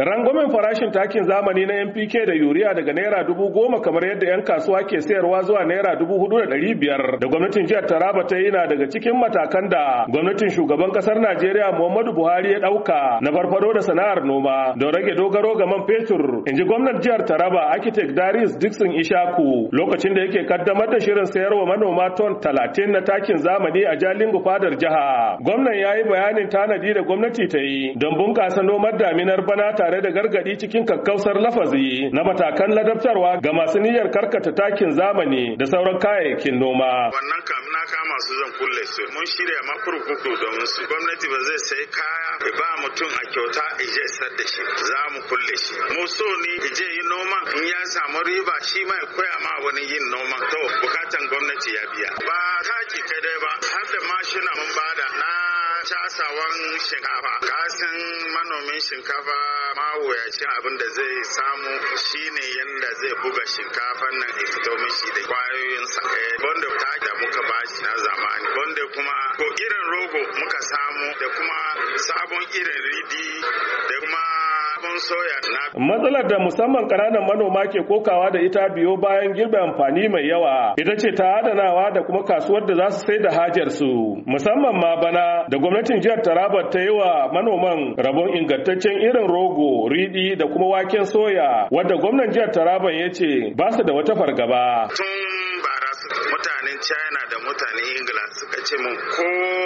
Rangwamen farashin takin zamani na NPK da yuriya daga naira dubu goma kamar yadda 'yan kasuwa ke sayarwa zuwa naira dubu hudu da ɗari biyar da gwamnatin jihar Taraba ta yi na daga cikin matakan da gwamnatin shugaban ƙasar Najeriya Muhammadu Buhari ya ɗauka na farfado da sana'ar noma don rage dogaro ga man fetur. In ji gwamnan jihar Taraba Architect Darius Dixon Ishaku lokacin da yake kaddamar da shirin sayarwa manoma ton talatin na takin zamani a jalingu fadar jiha. Gwamnan ya yi bayanin tanadi da gwamnati ta yi don bunƙasa nomar daminar bana ta tare da gargadi cikin kakkausar lafazi na matakan ladabtarwa ga masu niyyar karkata takin zamani da sauran kayayyakin noma. Wannan kam na kama su zan kulle su. Mun shirya ma kurkuku domin su. Gwamnati ba zai sai kaya ya ba mutum a kyauta ije sar da shi. Za mu kulle shi. Mu so ni ije yi noma in ya samu riba shi ma ya koya ma wani yin noma. To bukatan gwamnati ya biya. Ba taki kai dai ba har da mashina mun bada na casawan shinkafa gasin manomin shinkafa mawuyacin abin da zai samu shine yadda zai buga shinkafan nan ya fito mishi da kwayoyin sa eh, bonda ta da muka bashi na zamani bonda kuma ko irin rogo muka samu da kuma sabon irin ridi da Matsalar da musamman ƙananan manoma ke kokawa da ita biyo bayan girbe amfani mai yawa ita ce ta adanawa da kuma kasuwar da za su sai da hajarsu. musamman ma bana da gwamnatin jihar Taraba ta yi wa manoman rabon ingantaccen irin rogo, riɗi da kuma waken soya wadda gwamnan jihar Taraban ya ce ba su da wata fargaba. Tun bara mutanen China da mutanen Ingila suka ce mun ko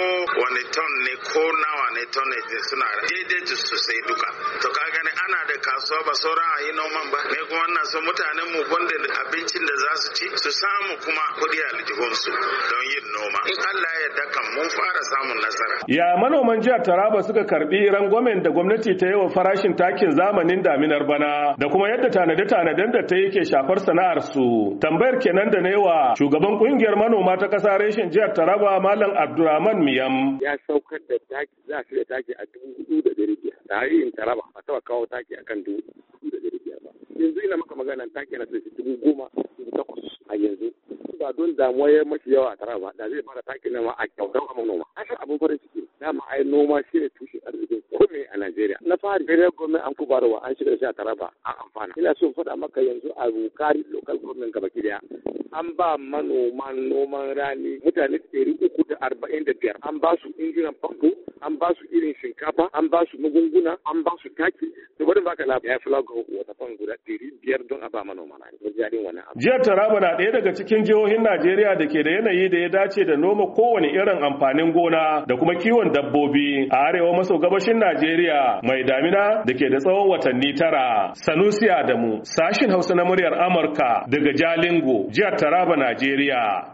wani ton ne ko nawa ne ne suna daidai sosai duka to ka gani ana da kasuwa ba sauran a yi noman ba ne kuma na so mutanen mu gwanda abincin da za su ci su samu kuma kuɗi a don yin noma in Allah ya kan mun fara samun nasara ya manoman jihar Taraba suka karbi rangwamen da gwamnati ta yi wa farashin takin zamanin daminar bana da kuma yadda tanade-tanaden da ta yi ke shafar sana'ar su tambayar kenan da newa shugaban kungiyar manoma ta kasa reshen jihar Taraba Malam Abdulrahman Miyam ya saukar da taki za su da taki a dubu hudu da da har yin taraba ba taba kawo taki akan dubu da ɗari biyar ba yanzu ina maka magana taki na sai dubu goma dubu takwas a yanzu ba don damuwa ya mafi yawa a taraba da zai fara taki na ma a kyautar a noma ashe abin farin ciki dama ai noma shi ne tushe arzikin kome a Najeriya na fari federal gwamnati an kuba wa an shiga shi a taraba a amfana ina so faɗa maka yanzu a rukari local government gaba ki daya an ba manoman noman rani mutane ɗari uku da arba'in da biyar an ba su injinan famfo an ba su irin shinkafa an ba su magunguna an ba su taki da wani baka ya fi wata fan guda ɗari biyar don a ba manoma na ne wani abu. jiyar taraba na ɗaya daga cikin jihohin najeriya da ke da yanayi da ya dace da noma kowane irin amfanin gona da kuma kiwon dabbobi a arewa maso gabashin najeriya mai damina da ke da tsawon watanni tara sanusi adamu sashin hausa na muryar amurka daga jalingo jihar taraba najeriya